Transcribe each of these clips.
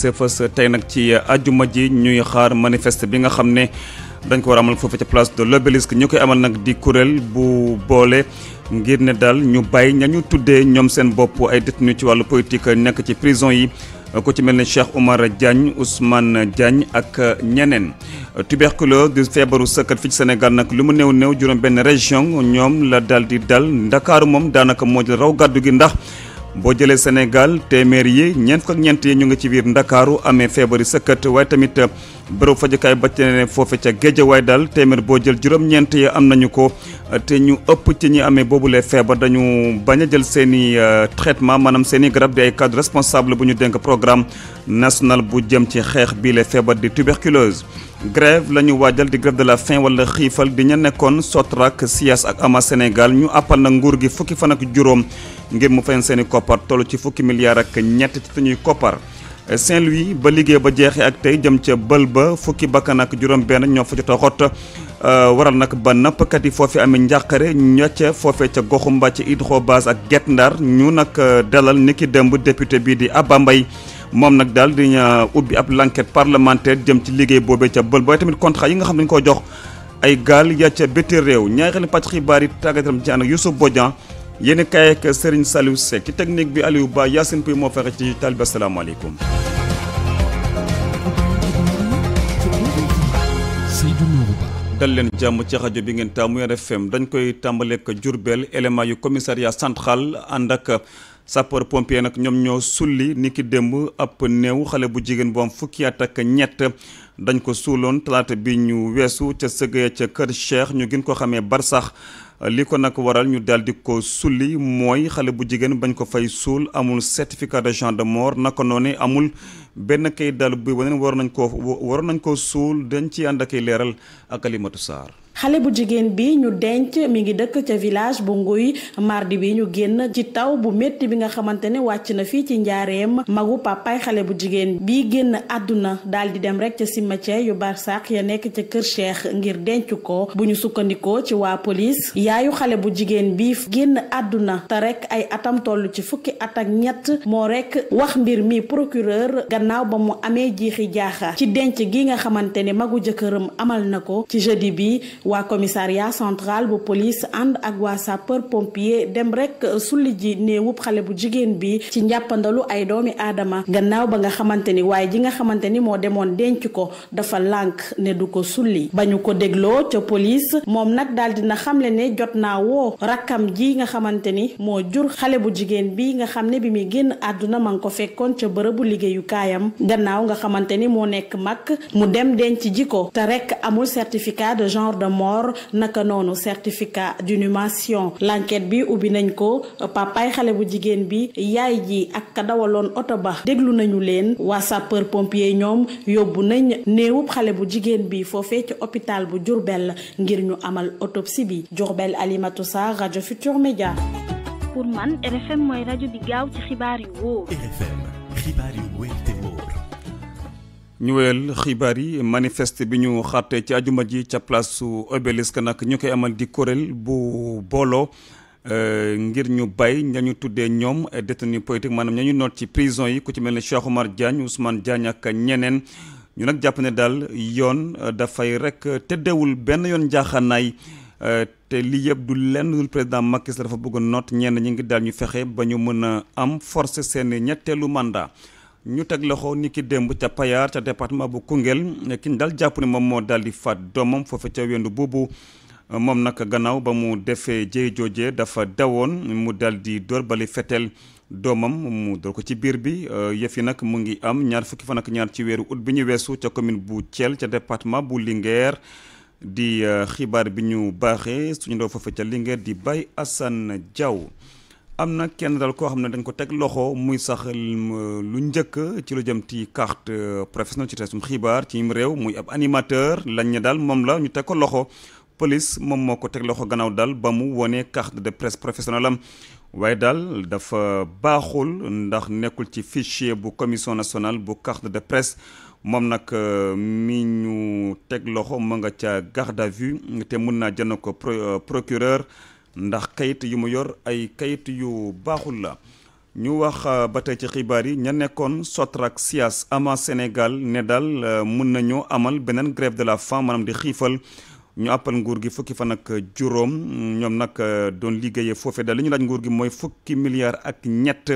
see fës tey nag ci ajjuma ji ñuy xaar manifeste bi nga xam ne dañ ko war a amal foofu ca place de l'obélisque ñu koy amal nag di kuréel bu boole ngir ne daal ñu bàyyi ñu tuddee ñoom seen bopp ay détenu ci wàllu politique nekk ci prison yi ku ci mel ni ne Cheikh Oumar Diagne Ousmane Diagne ak ñeneen tuberculose di feebaru sëkkat fi ci Sénégal nag lu mu néew néew juróom benn région ñoom la daal di dal Ndakaaru moom daanaka moo jël raw gàddu gi ndax boo jëlee Sénégal téeméer yi ñeent fukk ak ñeent yi ñu ngi ci biir Ndakaaru amee feebari sëkkat waaye tamit euh, bërëb fajukaay ba ca ne foofe ca Géejawaay daal téeméer boo jël juróom-ñeent yi am nañu ko euh, te ñu ëpp ci ñi amee boobu la feebar dañu bañ a jël seen i euh, traitement maanaam seen i garab di ay cadre responsable bu ñu dénk programme national bu jëm ci xeex bii le feebar di tuberculose grève la ñu waajal di grève de la fin wala xiifal di ña nekkoon Sotrac SIAS ak AMA Sénégal ñu àppal na nguur gi fukki fan ak juróom ngir mu fayoon seeni koppar toll ci fukki milliards ak ñett ci suñuy koppar. Saint-Louis ba liggéey ba jeexee ak tey jëm ca bël ba fukki bakkan ak juróom-benn ñoo fa jot a xott euh, waral nag ba nappkat yi foofee amee njàqare ñocce foofee ca goxu Mbathie Hydrobase ak Guet Ndar ñu nag euh, dalal niki démb député bii di Abba moom nag daal di ñaa ubbi ab l'enquête parlementaire jëm ci liggéey boobee ca bël booy tamit contrat yi nga xam ne dañu koo jox ay gaal ya ca bétti réew ñaareelu pàcc xibaar yi tàggataram ci ànd ak Youssouf Bodian yéen kaay ak Serigne Saliou Seck ci technique bi Aliou Ba Yacine Pouy moo fexe ci taalibe asalaamaaleykum. dal leen jàmm ci rajo bi ngeen taamu fem dañ koy tàmbaleeg Diourbel élément yu commissariat central ànd ak. sapeur pompier nag ñoom ñoo sulli ni ki démb ab néew xale bu jigéen bu am fukki at ak ñett dañ ko suuloon talaata bi ñu weesu ca sëgaya ca kër Cheikh ñu gën ko xamee barsax li ko nag waral ñu daal di ko sulli mooy xale bu jigéen bañ ko fay suul amul certificat d'agent de mort naka noonu amul benn kayit daal bu waneen war nañ ko waroon nañ ko suul dañ ci ànd ak leeral ak Alimatu Sarr xale bu jigéen bi ñu denc mi ngi dëkk ca village bu nguy mardi bi ñu génn ci taw bu métti bi nga xamante ne wàcc na fii ci njaareem magu papaay xale bu jigéen bi génn àdduna daal di dem rek ca cimetière yu barsax ya nekk ca kër cheikh ngir denc ko bu ñu sukkandikoo ci waa police yaayu xale bu jigéen bi génn àdduna te rek ay atam toll ci fukki at ak ñett moo rek wax mbir mi procureur gannaaw ba mu amee jiixi jaaxa ci denc gi nga xamante ne magu jëkkëram amal na ko ci jeudi bi waa commissariat centrale bu police ànd ak waa sapeur pompier dem rek euh, sulli ji néewub xale bu jigéen bi ci njàppandalu ay doomi aadama gannaaw ba nga xamante ni waaye ji nga xamante ni moo demoon denc ko dafa lànk ne du ko sulli ba ñu ko dégloo ca police moom nag daal dina xamle ne jot naa woo rakkam ji nga xamante ni moo jur xale bu jigéen bi nga xam ne bi muy génn àdduna ma ngi ko fekkoon ca bërëbu liggéeyu kaayam gannaaw nga xamante ni moo nekk mag mu dem denc ji ko te rek amul certificat de genre de mort naka noonu certificat d'inhumation lanket bi ubbi nañ ko papaay xale bu jigéen bi yaay ji ak ka dawaloon oto ba déglu nañu leen waa sapeur pompier ñoom yóbbu nañ néewub xale bu jigéen bi foofee ci hôpital bu Diourbel ngir ñu amal autopsie bi Diourbel Alimatou Sarr rajo Futur Média pour man RFM mooy rajo bi gaaw ci xibaar yu wóor ñu wéyal xibaar yi manifeste bi ñu xaatee ci ajuma ji ca place su obélisque nag ñu koy amal di kuréel bu booloo euh, ngir ñu bay ñu tuddee ñoom détenu politique maanaam ñañu noot ci prison yi ku ci mel ni Cheikh Oumar Diagne Ousmane Diagne ak ñeneen ñu nag jàpp ne daal yoon euh, dafay rek tëddewul benn yoon njaaxaanaay euh, te lii yëpp du lenn dul président Macky Sall dafa bëgg noot ñenn ñi ngi daal ñu fexe ba ñu mën a am force seeni ñetteelu mandat ñu teg loxo ni ki démb ca Payar ca département bu Koungheul ki daal jàpp ne moom moo daal di faat doomam foofu ca wendu boobu moom nag gannaaw ba mu defee jëye joojee dafa dawoon mu dal di dóor bali fetel doomam mu dóor ko ci biir bi euh, yëf yi nag mu ngi am ñaar fukki fa ak ñaar ci weeru ut bi ñu weesu ca commune bu Thiel ca département bu Linguère di euh, xibaar bi ñu baaxee suñu doo foofu ca Linguère di Baye Assane Diaw am na kenn daal koo xam ne dañ ko teg loxo muy sax lu njëkk ci lu jëm ci carte euh, professionnelle ci tasum xibaar ci im réew muy ab animateur lañ ne daal moom la ñu teg ko loxo police moom moo ko teg loxo gannaaw daal ba mu wone carte de presse professionnelle am waaye daal dafa baaxul ndax nekkul ci fichier bu commission nationale bu carte de presse moom nag euh, mi ñu teg loxo mu nga ca garde à vue te mën naa jënd ko euh, procureur ndax kayit yu mu yor ay kayit yu baaxul la ñu wax euh, ba tey ci xibaar yi ña nekkoon Sotrac SIAS ama Sénégal ne daal euh, mun nañoo amal beneen grève de la faim maanaam di xiifal ñu àppal nguur gi fukki fan ak juróom ñoom nag euh, doon liggéeyee foofe daal li ñu laaj nguur gi mooy fukki milliards ak ñett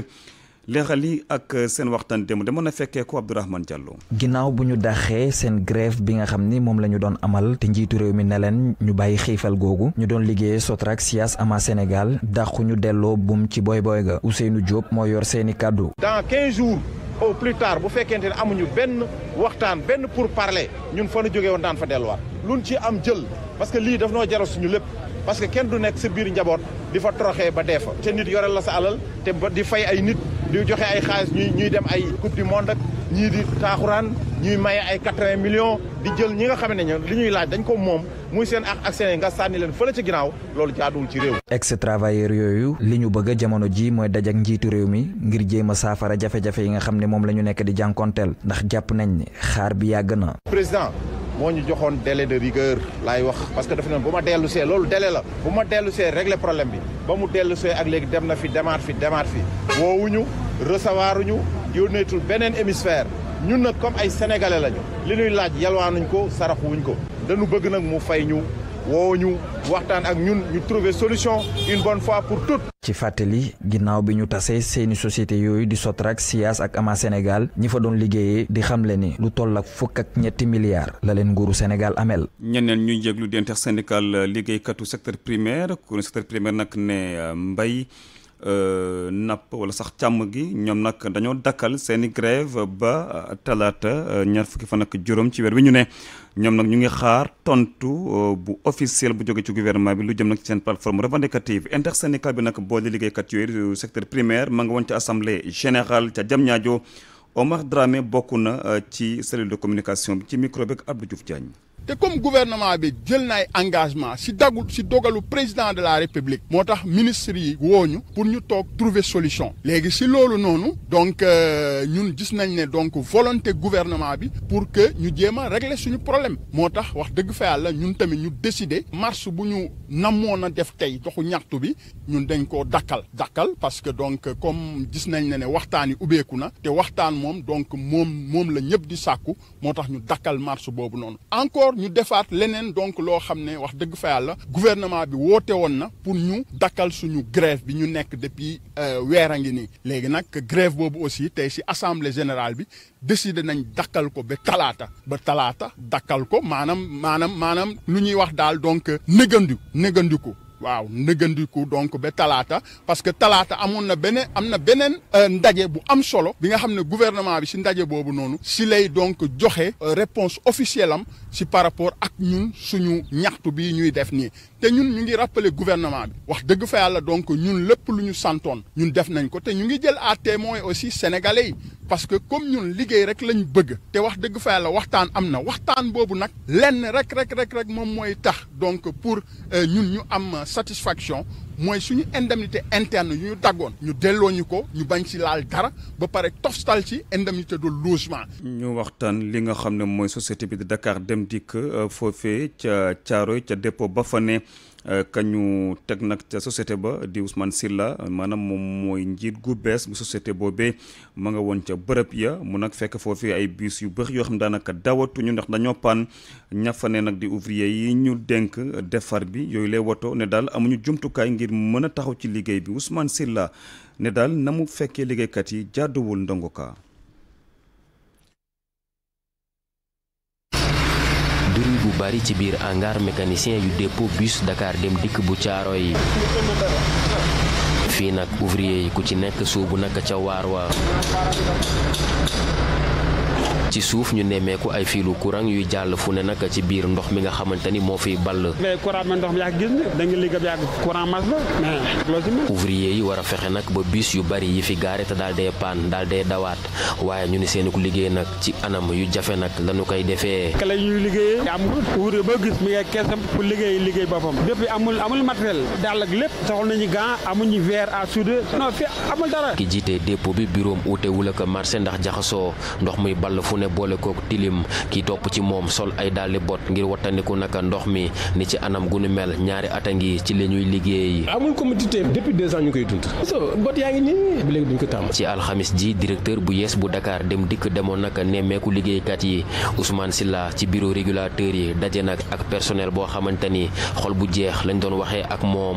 leexal yi ak euh, seen waxtaan démb dama na fekkee ko Abdourahmane Diallo. ginnaaw bu ñu daxee seen grève bi nga xam ni moom la ñu doon amal te njiitu réew mi ne leen ñu bàyyi xiifal googu ñu doon liggéeyee Sotrac SIAS ama Sénégal dàqu ñu delloo buum ci booy booy ga Ousseynou Diop moo yor seeni kàddu. dans 15 jours. au plus tard bu fekkente ne amuñu benn waxtaan benn pour parler ñun fa nu jógee woon daan fa delluwaat luñ ci am jël parce que lii daf noo jaral suñ lépp parce que kenn du nekk sa biir njaboot di fa toroxee ba dee fa te nit alal te ba di fay ay nit di joxe ay xaalis ñuy dem ay coupe du monde ak ñii di taaxuraan ñuy maye ay quatre-vingts millions di jël ñi nga xam ne li ñuy laaj dañ ko moom muy seen ak ak seen nga sànni leen fële ci ginnaaw loolu jaaduwul ci réew. ex travailleur yooyu li ñu bëgg jamono ji mooy daj ak njiitu réew mi ngir jéema saafara jafe-jafe yi nga xam ne moom la ñu nekk di jànkonteel ndax jàpp nañ ne xaar bi yàgg na. moo ñu joxoon délai de rigueur laay wax parce que dafa ne bu ma dellusee loolu délai la bu ma dellu see régler problème bi ba mu dellu see ak léegi dem na fi demaat fi demaat fi woowuñu recevoiruñu yónneetul beneen hémisphère ñun nag comme ay sénégalais lañu li ñuy laaj yalwaanuñ ko saraxuwuñ ko dañu bëgg nag mu fay ñu woo ñu waxtaan ak ñun ñu trouver solution une bonne fois pour toutes. ci fàttali ginnaaw bi ñu tasee seeni société yooyu di Sotrac SIAS ak Ama Sénégal ñi fa doon liggéeyee di xamle ni lu toll ak fukk ak ñetti milliards la leen nguuru Sénégal ameel ñeneen ñu ñuy dente di intersyndical liggéeykatu secteur primaire kuréel secteur primaire nag ne euh, mbay. Euh, napp wala sax càmm gi ñoom nag dañoo dakkal seeni grève ba talaata euh, ñaar fukki fa ak juróom ci weer wi ñu ne ñoom nag ñu ngi xaar tontu euh, bu officiel bu jóge ci gouvernement bi lu jëm nag ci seen plateforme revendicative intersyndical bi nag boole liggéeykat yooyu secteur primaire ma ngi woon ca assemblée générale ca Diamniadio Omar Dramé bokk na ci cellule de communication bi ci micro bi ak Abdou Diouf Diagne te comme gouvernement bi jël na engagement si dagul si dogalu président de la république moo tax ministre yi wooñu pour ñu toog trouver solution léegi si loolu noonu donc euh, ñun gis nañ ne donc volonté gouvernement bi pour que ñu jéem a régler suñu problème moo tax wax dëgg fa yàlla ñun tamit ñu décider marche bu ñu namoon a def tey doxu ñaxtu bi ñun dañ koo dakkal dakkal parce que donc comme gis nañ ne ne waxtaan yi ubbeeku na te waxtaan moom donc moom moom la ñëpp di sàkku moo tax ñu dakkal marche boobu noonu ñu defaat leneen donc loo xam ne wax dëgg fa yàlla gouvernement bi woote woon na pour ñu dakkal suñu grève bi ñu nekk depuis euh, weer a ngi nii léegi nag grève boobu aussi tey si assemblée général bi décidé nañ dakkal ko ba talaata ba talaata dakkal ko maanaam maanaam maanaam lu ñuy wax daal donc négandu négandiku waaw nëggandiku donc ba talaata parce que talaata amoon na beneen am na beneen euh, ndaje bu am solo bi nga xam ne gouvernement bi si ndaje boobu noonu si lay donc joxe euh, réponse officielle am si par rapport ak ñun suñu ñaxtu bi ñuy def nii te ñun ñu ngi rappeler gouvernement bi wax dëgg fa yàlla donc ñun lépp lu ñu santoon ñun def nañ ko te ñu ngi jël à témoin aussi sénégalais yi parce que comme ñun liggéey rek lañ bëgg te wax dëgg fa yàlla waxtaan am na waxtaan boobu nag lenn rek rek rek rek moom mooy tax donc pour euh, ñun ñu am satisfaction mooy suñu indemité interne yu ñu daggoon ñu delloo ñu ko ñu bañ ci laal dara ba pare toftal ci indemnité de logement. ñu waxtaan li nga xam ne mooy société bi de Dakar Dem Dikk euh, foofee ca caaro yi ca dépôt ba fa ne. Euh, kañu teg nag ca société ba di Ousmane Silla maanaam moom mooy njiit gu bees bu société boobee ma nga woon ca bërëb ya mun nag fekk foofu ay biis yu bëri yoo xam daanaka dawatuñu ndax dañoo paan ñafane nag di ouvrier yi ñu dénk defar bi yooyu lay woto ne daal amuñu jumtukaay ngir mën a taxaw ci liggéey bi Ousmane Silla ne daal na mu fekkee liggéeykat yi jàdduwul ndongo bari ci biir hangar mécanicien yu dépôt bus Dakar dem dikk bu caaro yi fii nag ouvrier yi ku ci nekk suubu nag ca waar wa ci suuf ñu nemmeeku ay fiilu courant yuy jàll fu ne nag ci biir ndox mi nga xamante ni moo fiy ball. mais courant ma ndox mi yaa gis ne da nga liggéey yàgg courant mas la mais loo ci mën. ouvrier yi war a fexe nag ba bus yu bari yi fi gaare te daal dee paan daal dee dawaat waaye ñu ni seen ku liggéey nag ci anam yu jafe nag lañu koy defee. kala ñuy liggéeyee amul ouvrier ba gis mi ngi keesam pour liggéey liggéey boppam bépp amul amul matériel daal ak lépp soxla nañu gant amuñu verre à souder non fi amul dara. ki jiite dépôt bi bureau am uutewul ak marché ndax jaxasoo ndox muy ball fu ne ne boole kook tilim ki topp ci moom sol ay dàlli bot ngir wattandiku naka ndox mi ni ci anam gu nu mel ñaari at a ngi ci li ñuy liggéey. amul comité depuis koy dund. so ko tàmm. ci alxamis ji directeur bu yées bu Dakar dem dikk demoon naka nemmeeku liggéeykat yi Ousmane Silla ci bureau régulateur yi daje nag ak personnel boo xamante ni xol bu jeex lañ doon waxee ak moom.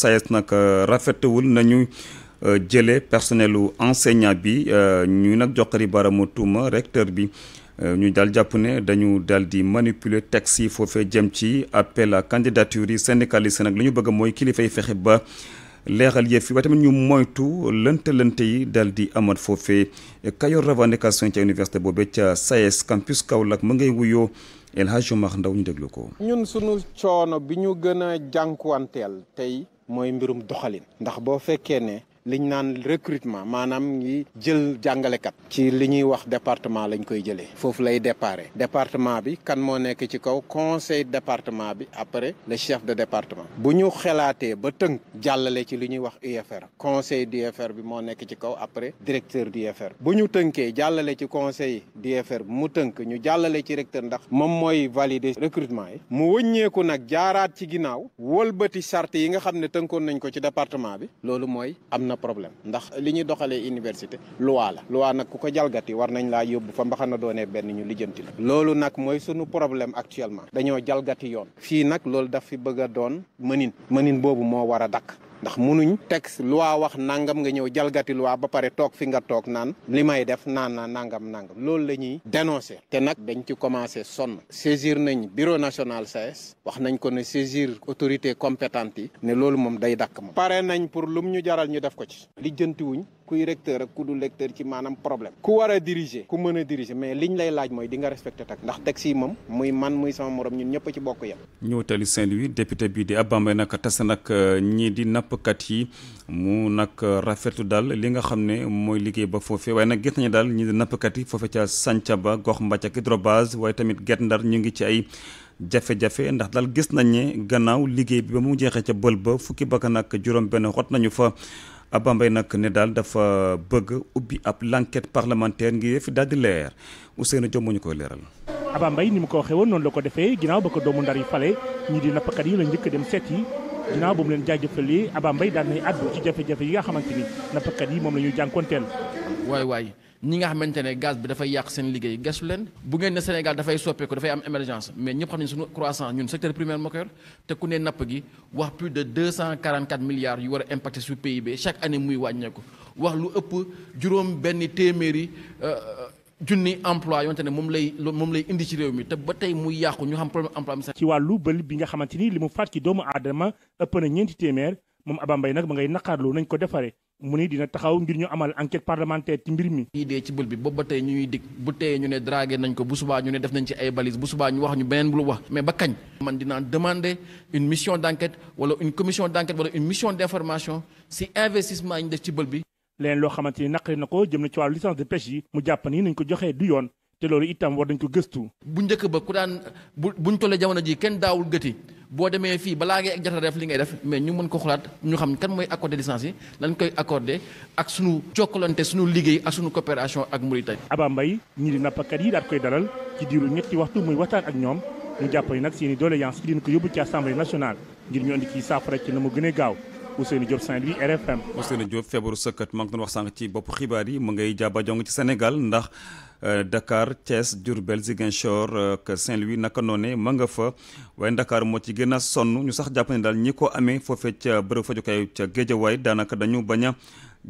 SAES nag euh, rafetewul nañu euh, jëlee personnel u enseignant bi euh, ñu nag joxari baramu tuuma recteur bi ñu daal jàpp ne dañu daal di manipuler texte yi foofee jëm ci appel à candidature yi syndicaliste nag li ñu bëgg mooy kilifay fexe ba leeral yëf yi ba tamit ñu moytu lënte-lënte yi daal di amat foofee kayoor revendication ca université boobe ca SAES campus Kaolack mu ngay wuyoo El Hadj Omar Ndaw ñu déglu ko ñun sunu coono bi ñu gën a tey mooy mbirum doxalin ndax boo fekkee ne liñ naan recrutement maanaam ngi jël jàngalekat. ci li ñuy wax département lañ koy jëlee. foofu lay déparé. département bi kan moo nekk ci kaw conseil département bi après la chef de département. bu ñu xalaatee ba tënk jàllale ci li ñuy wax UFR conseil d'UFR bi moo nekk ci kaw après directeur d'UFR. bu ñu tënkee jàllale ci conseil d'UFR mu tënk ñu jàllale ci recteur ndax moom mooy valide recrutement yi. mu wëññeeku nag jaaraat ci ginnaaw wëlbati sart yi nga xam ne tënkoon nañ ko ci département bi loolu mooy na problème ndax li ñuy doxalee université loi la loi nag ku ko jalgati war nañ laa yóbbu fa mbaxana doonee benn ñu lijjanti la loolu nag mooy sunu problème actuellement dañoo jalgati yoon fii nag loolu daf fi bëgg a doon mënin mënin boobu moo war a dakk ndax munuñ lu waa wax nangam nga ñëw jalgati loi ba pare toog fi nga toog naan li may def naan nangam nangam loolu la ñuy dénoncer te nag dañ ci commencé sonn saisir nañ bureau national SAES wax nañ ko ne saisir autorité compétente yi ne loolu moom day dakk ma pare nañ pour lum ñu jaral ñu def ko ci lijjantiwuñ kuy recteur ak ku dul recteur ci maanaam problème ku war a diriger ku mën a diriger mais liñ lay laaj mooy di nga respecté tak ndax teg si moom muy man muy sama morom ñun ñëpp ci bokk yam ñëw tali Saint-Louis député bii di Abba Mbaye nag tase nag euh, ñii di nappkat yi mu nag euh, rafetu daal li nga xam ne mooy liggéey ba foofe waaye nag gis nañu daal ñii di nappkat yi foofe ca Santhiaba gox Mbacke hydrobase waaye tamit Guet Ndar ñu ngi ci ay jafe-jafe ndax daal gis nañ ne gannaaw liggéey bi ba mu jeexee ca bël ba fukki bakkan ak juróom benn xot nañu fa Abba Mbaye nag ne daal dafa bëgg ubbi ab l'enquête parlementaire ngir fi daal di leer Ousseynou Diop moo ñu koy leeral. Abba Mbaye ni mu ko waxee woon noonu la ko defee ginnaaw ba ko doomu ndar yi fale ñii di nappkat yi la njëkk dem seet yi. ginnaaw boobu leen jaajëfalee Abba Mbaye daan nay àddu ci jafe-jafe yi nga xamante ni nappkat yi moom la ñuy jànkuwanteel. waay waay. ñi nga xamante ne gaz bi dafay yàq seen liggéey gestu leen bu ngeen ne Sénégal dafay soppeeku dafay am émergence mais ñëpp xam ne suñu croissance ñun secteur primaire moo ko te ku ne napp gi wax plus de 244 milliards yu war a impacté sur PIB chaque année muy wàññeeku wax lu ëpp juróom benn téeméeri euh, euh, junni emploi yoonte ne moom lay moom lay indi ci réew mi te ba tey muy yàqu ñu xam problème emploi mi sax ci wàllu bël bi nga xamante ni li mu faat ci doomu aadama ëpp na ñeenti téeméer moom Abba Mbaye nag ma ngay naqaarloo nañ ko defaree mu ni dina taxaw ngir ñu amal enquête parlementaire ci mbir mi. lii ci bël bi boobu ba tey ñuy dig bu teyee ñu ne dragué nañ ko bu subaa ñu ne def nañ ci ay balise bu subaa ñu wax ñu beneen bu lu wax mais ba kañ. man dinaa demander une mission d' wala une commission d' wala une mission d' information si investissement yi ñu def ci bël bi. leen loo xamante ni naqari na ko jëm na ci wàllu licence de pêche yi mu jàpp ni nañ ko joxee du yoon. te loolu itam war dañ ko gëstu. bu njëkk ba ku daan bu buñ tollee jamono ji kenn daawul gëti boo demee fii balaa ngay ak jota def li ngay def mais ñu mën ko xalaat ñu xam kenn mooy accordé licence yi lan koy accordé ak sunu jokkalante sunu liggéey ak sunu coopération ak Mauritanie. Aba mbay ñii di nappkat yi daal koy dalal ci diiru ñetti waxtu muy waxtaan ak ñoom ñu jàpp ni nag seen i doléance ci dina ko yóbbu ci assemblée nationale ngir ñu indi ci saafara ci na mu gën a gaaw. Ousseynou Diop Saint-Louis RFM. Ousseynou Diop feebaru sëkkat maa ngi doon wax sànq ci bopp xibaar yi mu ngay jaaba jong ci Sénégal ndax euh, Dakar Thiès Diourbel Ziguinchor ak euh, Saint-Louis naka noone ma nga fa waaye Dakar moo ci gën a sonn ñu sax jàpp ne daal ñi ko amee foofee ca bërëb fajukaay ca Géejawaay daanaka dañu bañ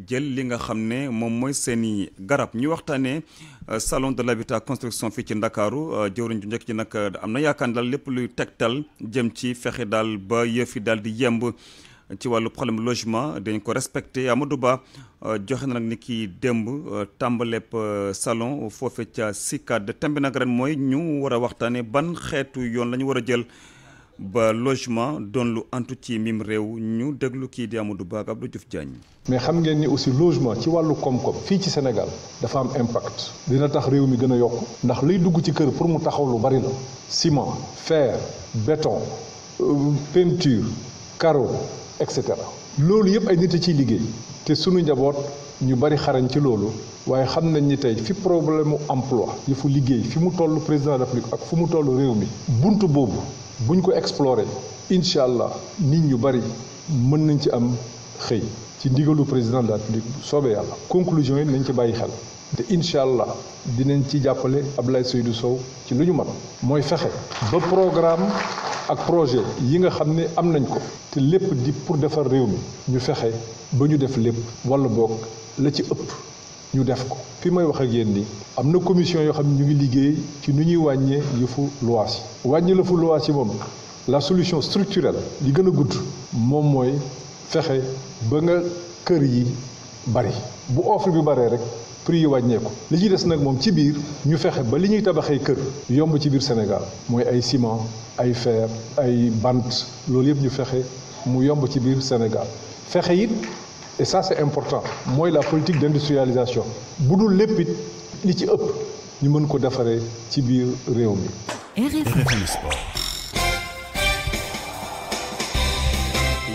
jël li nga xam ne moom mooy seeni garab ñu waxtaanee euh, salon de l'habitat construction fii ci ndakaaru jëwriñ ju njëkk ji nag am na yaakaar daal lépp luy tegtal jëm ci fexe daal ba yëf daal di yemb ci wàllu problème logement dañ ko respecté Amadou Ba euh, joxe na ni ki démb euh, tàmbaleeb euh, salon foofe ca CICAD thème bi nag ren mooy ñu war a waxtaanee ban xeetu yoon la ñu war a jël ba logement doon lu antu ci mim réew ñu déglu kii di Amadou Ba ak Abdou Diouf Diagne. mais xam ngeen ni aussi logement ci wàllu koom-koom fii ci Sénégal dafa am impact dina tax réew mi gën a yokk ndax luy dugg ci kër pour mu taxaw lu bari la ciment fer béton peinture carreau. et cetera loolu yëpp ay nit a ciy liggéey te suñu njaboot ñu bari xarañ ci loolu waaye xam nañ ni tey fi problème mu emploi yi fu liggéey fi mu toll président de la République ak fu mu tollu réew mi bunt boobu buñ ko explorer incha allah nit ñu bari mën nañ ci am xëy ci ndigalu président de la République bu soobee yàlla conclusion yi nañ ci bàyyi xel. te incha allah dinañ ci jàppale Abdoulaye Seydou Sow ci lu ñu mën mooy fexe ba programme ak projet yi nga xam ne am nañ ko te lépp di pour defar réew mi ñu fexe ba ñu def lépp wala boog la ci ëpp ñu def ko fi may wax ak yéen ni am na commission yoo xam ne ñu ngi liggéey ci nu ñuy wàññee fu luwaas yi wàññi la fu luwaas yi moom la solution structurelle li gën a gudd moom mooy fexe ba nga kër yi bari bu offre bi baree rek prix yi wàññeeku li ci des nag moom ci biir ñu fexe ba li ñuy tabaxee kër yomb ci biir Sénégal mooy ay ciment ay fer ay bant loolu yëpp ñu fexe mu yomb ci biir Sénégal fexe it et ça c'est important mooy la politique d'industrialisation bu dul lépp li ci ëpp ñu mën ko defaree ci biir réew mi.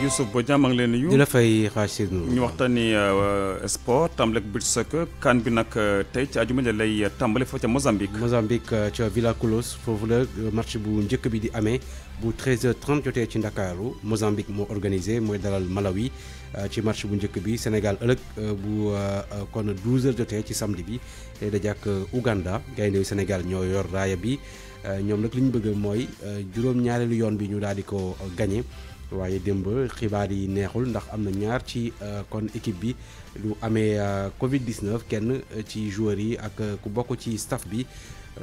Youssouf Bodian maa ngi leen nuyu. di la fay Rachid ñu waxtaani euh, sport tàmbale ak beach kan bi nag euh, tey ci àjjuma ja lay tàmbale foofu ca Mozambique. Mozambique euh, ca Villacoulos foofu la match bu njëkk bi di amee bu 13 h jotee ci Ndakaaru Mozambique moo organisé mooy dalal Malawi ci match bu njëkk bi Sénégal ëllëg bu kon 12h jotee ci samdi bi tey da jàkk Uganda gaynde Sénégal ñoo yor raaya bi ñoom nag li ñu bëgg mooy juróom-ñaareelu yoon bi ñu daal di ko gagné. waaye démb xibaar yi neexul ndax am na ñaar ci euh, kon équipe bi lu amee euh, Covid 19 kenn euh, ci joueurs yi ak ku bokk ci staff bi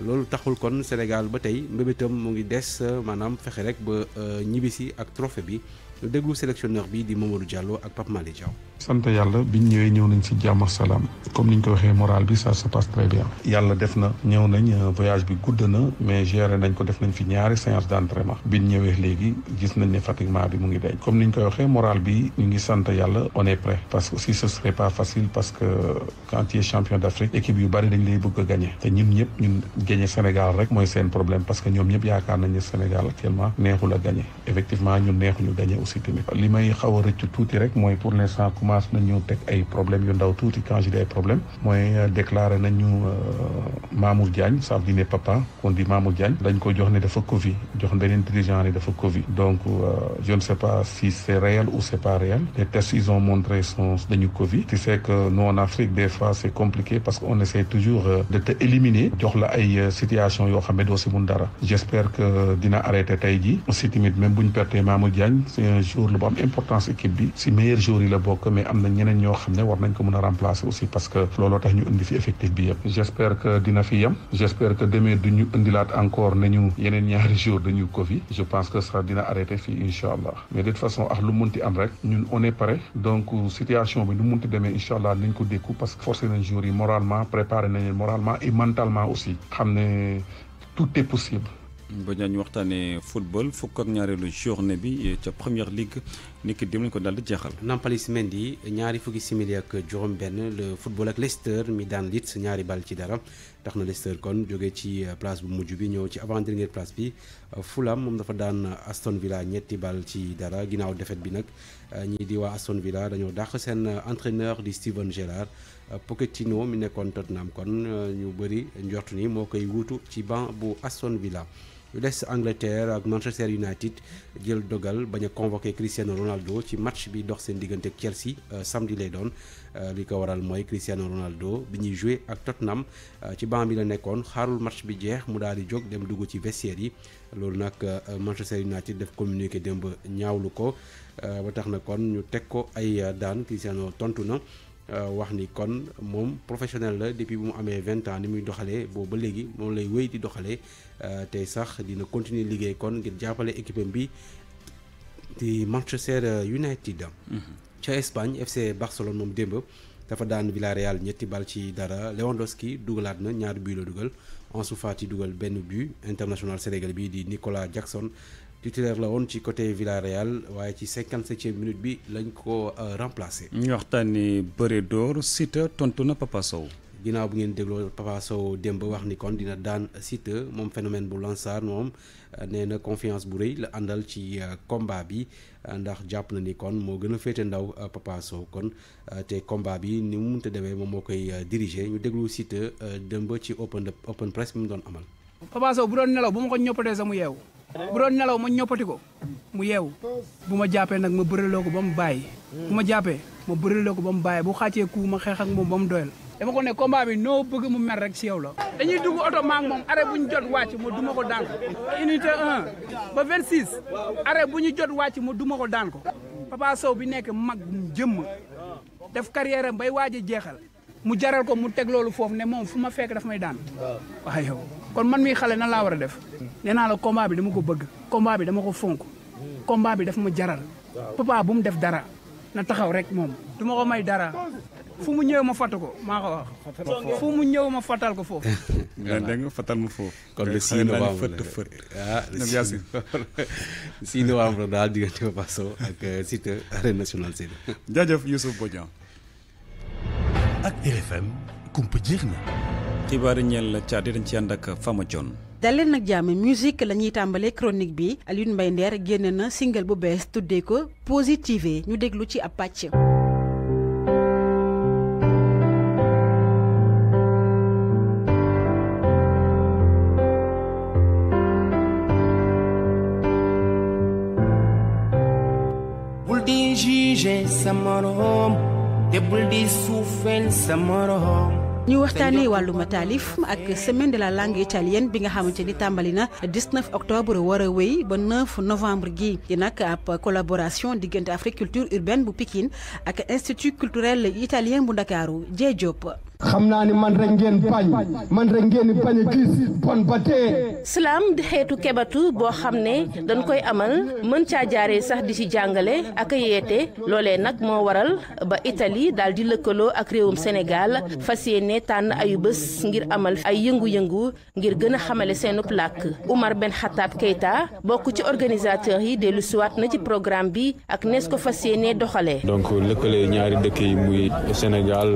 loolu taxul kon Sénégal ba tey mbébétam mu ngi des maanaam fexe rek ba ñibbisi ak trophée bi lu déglu sélectionneur bi di Mamadou Diallo ak Pape Malick sant yàlla biñ ñëwee ñëw nañ si jàmm ak salaam comme niñ ko waxee moral bi ça se passe très bien. yàlla def na ñëw nañ euh, voyage bi gudd na mais géré nañ ko def nañ fi ñaari séance d'entraînement biñ ñëwee léegi gis nañ ne fatiguement bi mu ngi day comme niñ ko waxee moral bi ñu ngi sant yàlla on est prêt parce que aussi ce serait pas facile parce que quand tu champion d'Afrique équipe yu bari dañ lay bëgg a te ñun ñëpp ñun gagner Sénégal rek mooy seen commencé nañu teg ay problème yu ndaw tuuti quand je dis ay problème mooy euh, déclaré nañu euh, Mamour Diagne ça veut dire papa kon di Mamour Diagne dañ ko jox ne dafa Covid donc euh, je ne sais pas si c'est réel ou c'est pas réel les tests ils ont montré dañu Covid tu sais que Afrique des fois c'est compliqué parce qu'on essaie toujours de te éliminer jox la ay situation yoo xam ne mun dara j'espère que dina arrêté tey jii aussi tamit même bu perte Mamour Diagne c'est un jour lu am na ñeneen ñoo xam ne war nañ ko mën a remplacer aussi parce que looloo tax ñu indi fi effectif bi yëpp j'espère que dina fi yem j'espère que demee du ñu indilaat encore nañu yeneen ñaari jour dañu Covid je pense que ça dina arrêté fii incha allah mais de toute façon ak lu munti am rek ñun on est donc situation bi nu munti demee incha allah nañ ko dékku parce que forcé nañ jour yi moralement préparé nañ leen moralement et mentalement aussi xam ne tout est possible ba ñu waxtaanee football fukk ak ñaareelu journée bi ca première ligue niki dem lañ ko daal di jeexal. Nampalys Mendy ñaari fukki simili ak juróom-benn le football ak Leicester mi daan Leeds ñaari bal ci dara tax na Leicester kon jógee ci place bu mujj bi ñëw ci avant-dernière place bi Fulham moom dafa daan Aston Villa ñetti ball ci dara ginnaaw défaite bi nag ñii di waa Aston Villa dañoo dàq seen entraîneur di Steven Gerrard. Pochettino mi nekkoon Tottenham kon ñu bëri njort ni moo koy wuutu ci banc bu Aston Villa. des Angleterre ak Manchester United jël dogal bañ a convoqué Cristiano Ronaldo ci match bi dox seen diggante ak Chelsea euh, samedi lay doon euh, li ko waral mooy Cristiano Ronaldo bi ñuy joué ak Tottenham euh, ci banc bi la nekkoon xaarul match bi jeex mu daal di jóg dem dugg ci vestiaire yi loolu nag Manchester United def communiqué démb ñaawlu ko ba tax na kon ñu teg ko ay daan Cristiano tontu na. Euh, wax ni kon moom professionnel la depuis bu mu amee vingt ans ni muy doxalee boobu ba léegi moom lay wéy di doxalee euh, tey sax dina continuer liggéey kon ngir jàppale équipe am bi di Manchester United. Mhm. ca Espagne FC Barcelone moom démb dafa daan Villarreal ñetti bal ci dara Lewandowski dugalaat na ñaari bii la dugal Ansu Fati dugal benn bu international sénégalais bi di Nicolas Jackson. titulaire la woon ci côté Villarreal waaye ci cinquante septième minute bi lañ ko euh, remplacé. ñu waxtaanee bëre door Siteu tontu na Papa Sow. ginnaaw bu ngeen dégloo Papa Sow démb wax ni kon dina daan Siteu moom phénomène bu Lansar moom euh, nee na confiance bu rëy la àndal ci euh, combat bi ndax jàpp na ni kon moo gën a féete ndaw Papa Sow kon te combat bi ni mu mënta demee moom moo koy diriger ñu déglu Siteu démb ci open open press bi mu doon amal. Papa Sow bu doon nelaw bu bu doon nelaw ma ñoppati ko mu yeewu bu ma jàppee nag ma bëreloo ko ba mu bàyyi bu ma jàppee ma bëreloo ko ba mu bàyyi bu xàccee ku ma xeex ak moom ba mu doyal dama ko ne combat bi noo bëgg mu mer rek si yow la dañuy dugg oto maa ngi moom bu ñu jot wàcc ma duma ko daan ko unité 1 ba 26 bu ñu jot wàcc ma duma ko daan ko Papa Sow bi nekk mag jëmm def carrière am bay waaj a jeexal mu jaral ko mu tegloolu foofu ne moom fu ma fekk daf may daan. waaw yow kon man mii xale na laa war a def. nee naa la combat bi dama ko bëgg. combat bi dama ko fonk. combat bi daf ma jaral. papa bu mu def dara. na taxaw rek moom. du ma ko may dara. fu mu ñëw ma fàttal ko maa ko wax. fu mu ñëw ma fàttal ko foofu. nga dégg nga fàttal ma foofu. kon le 6 novembre la fët fët. 6 novembre daal diggante Papa Sow ak Siteu arène nationale Sèye. jaajëf ak RFM kumpa jeex na. xibaaru ñeel caat yi dañ ci ànd ak Fama Dione. nag jàmm musique la ñuy tàmbalee chronique bi Alioune mbay Nder génn na single bu bees tuddee ko positive ñu déglu ci ab pàcc. bul di ñu waxtaanee wàllum taalif ak semaine de la langue italienne bi nga xamante ni tàmbali na 19 octobre war a wéy ba 9 novembre gi di nag ab colaboration diggante Afrique culture urbaine bu Pikine ak institut culturel italien bu Ndakaaru Jee Diop xam naa ni man rek ngeen bañ man rek ngeen bañ a gis bon ba tee. Islam di xeetu kebatu boo xam ne dañ koy amal mën caa jaaree sax di ci jàngale ak yeete loolee nag moo waral ba Italie daal di lëkkaloo ak réewum Sénégal fas yéene tànn ayu bés ngir amal ay yëngu-yëngu ngir gën a xamale seenu làkk Oumar benn Khattab Keita bokk ci organisateurs yi dellu siwaat na ci programme bi ak nees ko fas yéene doxalee. donc lëkkale ñaari dëkk yi muy Sénégal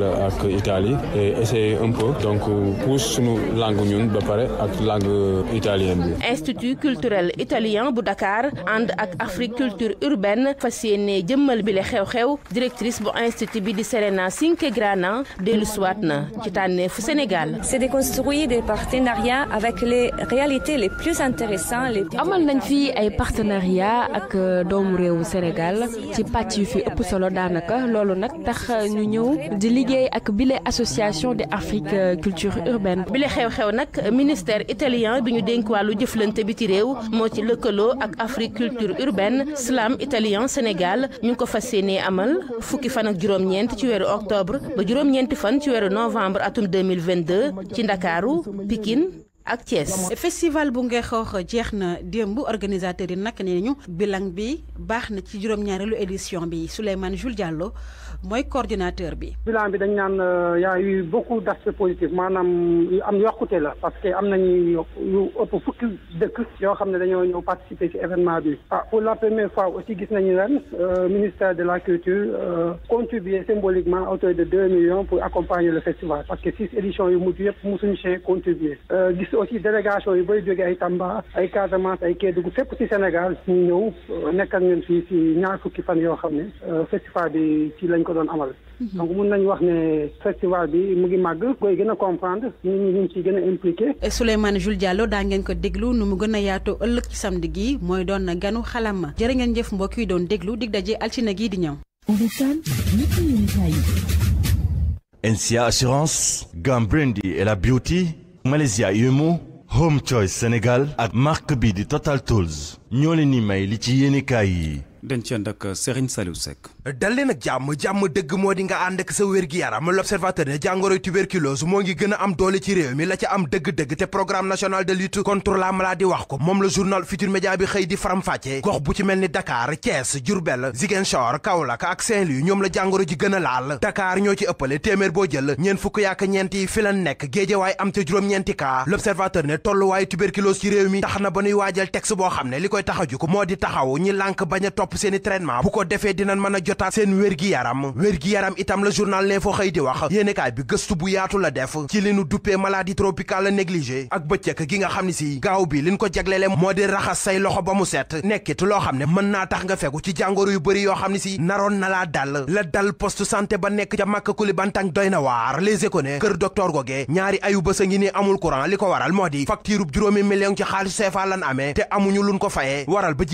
Euh, essayer un peu donc euh, pousse suñu langue ñun ba pare ak langue italienne bi. institut culturel italien bu Dakar ànd ak Afrique culture urbaine fas yéene jëmmal bile xew-xew directrice bu institut bi di Serena Cinquegrana dellu siwaat na ci tànneefu Sénégal. c'est de construire des partenariats avec les réalités les plus intéressantes amal nañ fi ay partenariats ak euh, doomu réewu Sénégal ci pàcc yu fi ëpp solo daanaka loolu nag tax ñu ñëw di liggéey ak bile association de Afrique euh, culture urbaine. bi la xew-xew nag ministère italien bi ñu dénk wàllu jëflante bi ci réew moo ci lëkkaloo ak Afrique culture urbaine slam italien Sénégal ñu ngi ko fas yéenee amal fukki fan ak juróom-ñeent ci weeru octobre ba juróom-ñeenti fan ci weeru novembre atum 2022 ci Ndakaaru Pikine ak Thiès. festival bu Ngexoox jeex na démb organisateur yi nag nee ñu bilan bi baax na ci juróom-ñaareelu édition bi Souleymane Jules Diallo mooy coordinateur bi. bilan bi dañ naan euh, y a eu beaucoup d'aspects positifs maanaam yu am yokkute la parce que am nañu yu ëpp fukk dëkk yoo xam ne dañoo ñëw participer ci événement bi. ah pour la première fois aussi gis nañu ren euh, ministère de la culture euh, contribuer symboliquement à hauteur de deux millions pour accompagner que six éditions yu mujj yëpp mosuñu see contribuer gis. aussi délégation yu bëri jógee ay Tamba ay Casamance ay Kédougou fépp ci Sénégal ñu ñëw euh, nekkal ngeen fii ci ñaar fukki fan yoo xam ne euh, festival bi ci lañ ko doon amal. Mhm. donc mun nañu wax ne festival bi mu ngi màgg koy gën a comprendre nit ñi ñu ciy gën a impliqué. Souleymane Jules daa ngeen ko déglu nu mu gën a yaatoo ëllëg ci samedi gi mooy doon ganu xalam jërë ngeen jëf mbokk yi doon déglu dig daje altine gii di ñëw. NCA Malaysia Yumu Home Choice Sénégal ak marque bi di Total Tools ñoo leen ni may li ci yéenekaay yi dañ ci ànd ak euh, Serigne Saliou Seck jàmm jàmm dëgg moo di nga ànd ak sa wér-gi-yaram l'observateur ne jàngoroy tuberculose moo ngi gën a am doole ci réew mi la ca am dëgg-dëgg te programme national de lutte contre la maladie wax ko moom la journal Futur Média bi xëy di faram gox bu ci mel ni Dakar Thiès Diourbel Ziguinchor Kaolack ak saint ñoom la jàngoro ji gën a laal Dakar ñoo ci ëppale téeméer boo jël ñeent fukk yaak ñeenti kaa seeni traitement bu ko defee dina mën a jotaat seen wér-gi-yaram wér-gi-yaram itam la journal l'info xëy di wax yéenekaay bi gëstu bu yaatu la def ci li nu duppee maladie tropicale négligée ak bëccëg gi nga xam ne si gaaw bi liñ ko jaglele moo di raxas say loxo ba mu set nekkit loo xam ne mën naa tax nga fegu ci jàngoro yu bari yoo xam ne si naroon na laa dal la dal poste santé ba nekk ca màkkakuli bantang doy na waar les écone kër docteur goge ñaari li ko waral moo di facture juróomi million ci xaalis CFA lan amee te amuñu ko fayee waral ba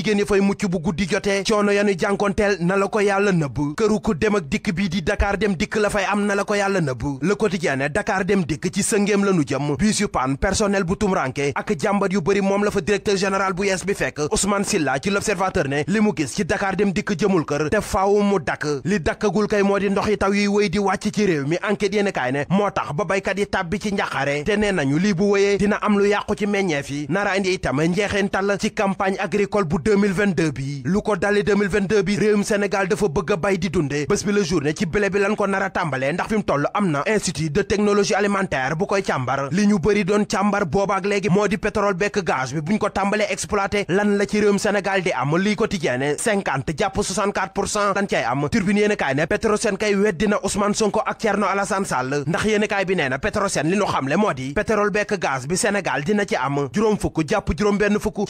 ne coono yanu jànkonteel na la ko yàlla nëbb këru ku dem ak dikk bii di Dakar dem dikk la fay am na la ko yàlla nëbb le quotidien ne dakaar dem dikk ci sëngeem lanu jëm bus yu paan personnel bu tumranke ak jàmbat yu bëri moom la fa directeur général bu yees bi fekk Ousmane Silla ci l'observateur ne li mu gis ci Dakar dem dikk jëmul kër te faaw mu dakk li dakkagul kay moo di ndox yi taw yi wéy di wàcc ci réew mi enquête yéen kaay ne moo tax ba baykat yi tàbbi ci njaqare te nee nañu lii bu wéyee dina am lu yàqu ci meññeef yi nara indi itam njeexeen tal ci campagne agricole bu 2022 bi lu ko dal bi réewum Sénégal dafa bëgg bay di dunde bés bi la journée ci blé bi lan ko nar a tàmbalee ndax fi mu toll am na institut de technologie alimentaire bu koy càmbar li ñu bëri doon càmbar boobaak léegi moo di pétrole bekk gaz bi buñ ko tàmbalee exploité lan la ci réewum Sénégal di am lii quotidien 50 jàpp 64 pour cent lan cay am turbine yéen a kaay ne Petrosen kay weddina Ousmane Sonko ak Thierno Alassane Sall ndax yéen a kaay bi nee na Petrosen li ñu xamle moo di pétrole bekk gaz bi Sénégal dina ci am juróom fukk jàpp juróom benn fukk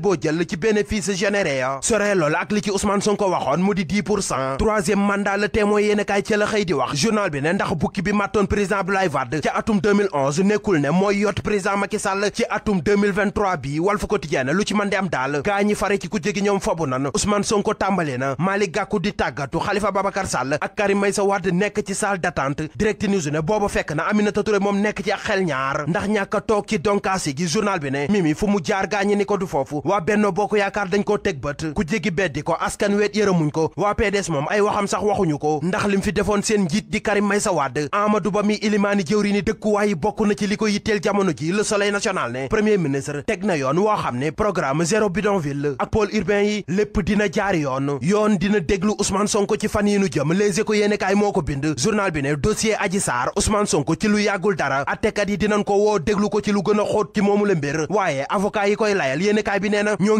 boo jël ci bénéfice généré ya soree li ci Ousmane Sonko waxoon mu di 10 pour cent troisième mandat la témoin yéen kaay ci xëy di wax journal bi ne ndax bukki bi màttoon président Abdoulaye Wade ci atum nekkul ne mooy yott président Macky Sall ci atum 2023 bi Walf Quotidien lu ci mën di am daal gaa fare ci ku jégi ñoom fobu nan Ousmane Sonko tàmbali na Malick Gakou di tàggatu Khalifa Babacar Sall ak Karim Meïssa Wade nekk ci salle d'attente Direct ne booba fekk na Aminata Touré moom nekk a toog yëkkati ko askan weet yërëmuñ ko waa PDS moom ay waxam sax waxuñu ko ndax lim fi defoon seen njiit di Karim Meïssa Wade Amadou Ba mi ilimaani jëwri ni dëkkuwaay bokk na ci li ko yitteel jamono ji Le Soleil national ne premier ministre teg na yoon woo xam ne programme zéro bidonville ak pôle urbain yi lépp dina jaar yoon yoon dina déglu son Sonko ci fan yi nu jëm Les Échos yéenekaay moo ko bind journal bi ne dossier Adji Sarr Ousmane Sonko yi dinañ ko woo déglu ko ci lu gën a xóot ci moomu la mbir waaye bi nee na ñoo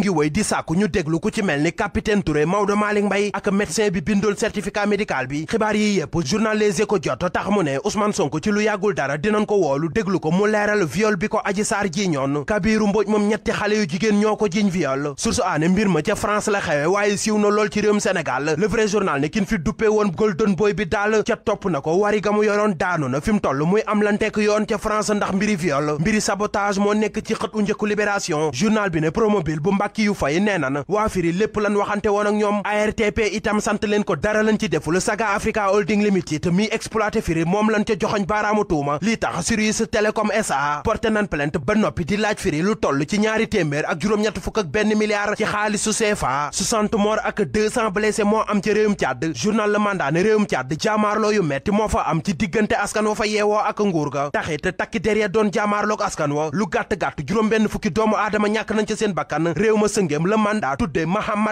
Sène Touré Maodo Malick Mbaye ak médecin bi bindool certificat médical bi xibaar yi yëpp journal Les Échos jot tax mu ne Ousmane Sonko ci lu yàggul dara dinañ ko woolu déglu ko mu leeral viol bi ko Adji Sarr jiiñoon Kabiru Mbodj moom ñetti xale yu jigéen ñoo ko jiiñ viol source aane mbir ma ca France la xewe waaye siiw na lool ci réewum Sénégal le vrai journal ne kin fi duppe woon golden boy bi daal ca topp na ko wari ga mu yoroon daanu na fi mu toll muy am lan bi ne promobile bu mbàkki yu fay nee nan waa jëflante woon ak ñoom ARTP itam sant leen ko dara lañ ci deful Saga Africa Holding Limited mi exploité firi moom lañ ca joxoñ baaraamu tuuma lii tax Sirius Telecom SA porté nan plainte ba noppi di laaj firi lu toll ci ñaari téeméer ak juróom-ñett fukk ak benn milliard ci xaalisu CFA 60 morts ak 200 blessés moo am ci réewum Tchad journal Le Mandat yu metti moo fa am ci diggante askan wa fa yeewoo ak nguur ga taxit takki derrière doon jaamaarloog askan wa lu gàtt-gàtt juróom benn fukki doomu aadama ñàkk nañ ca seen bakkan réew ma sëngéem la